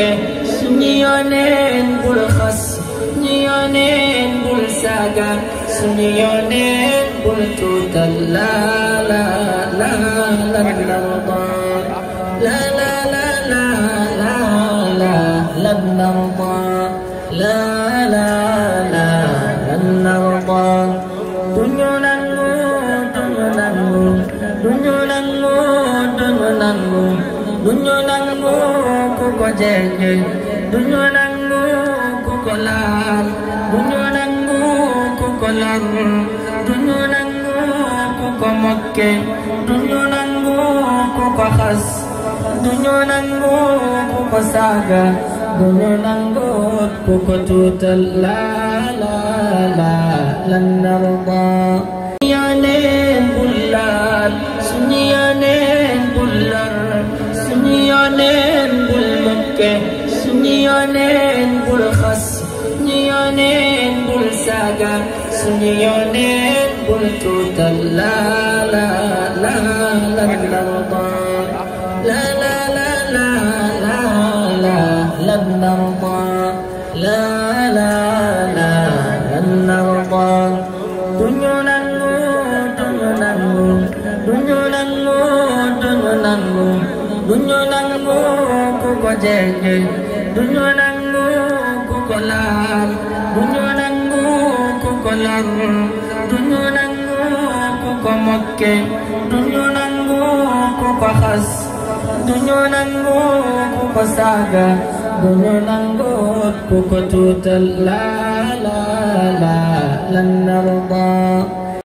ke suñu yoneen bul xas suñu yoneen bul saaga suñu yoneen bul tuutal la la la la la لن نرضى لا لا لا لن نرضى دنيا لنموت ونموت دنيا لنموت ونموت دنيا لنموت ko jege duñu nangu ku ko laal duñu nangu ku ko lor duñu nangu ku ko mokke duñu nangu ku ko xas duñu nangu ku ko saaga duñu nangu ku ko tuutal la la la lan narda fekke suñu yoneen bul xas suñu yoneen bul saaga suñu yoneen bul tuutal la la la la la لن نرضى لا لا لا لن نرضى دنيا نمو دنيا نمو دنيا نمو دنيا نمو دنيا نمو ko jege duñu nangu ku ko laal duñu nangu ku ko lar duñu nangu ku ko mokke duñu nangu ku ko xas duñu nangu ku ko saaga duñu nangu ku ko tuutal la la la lan narda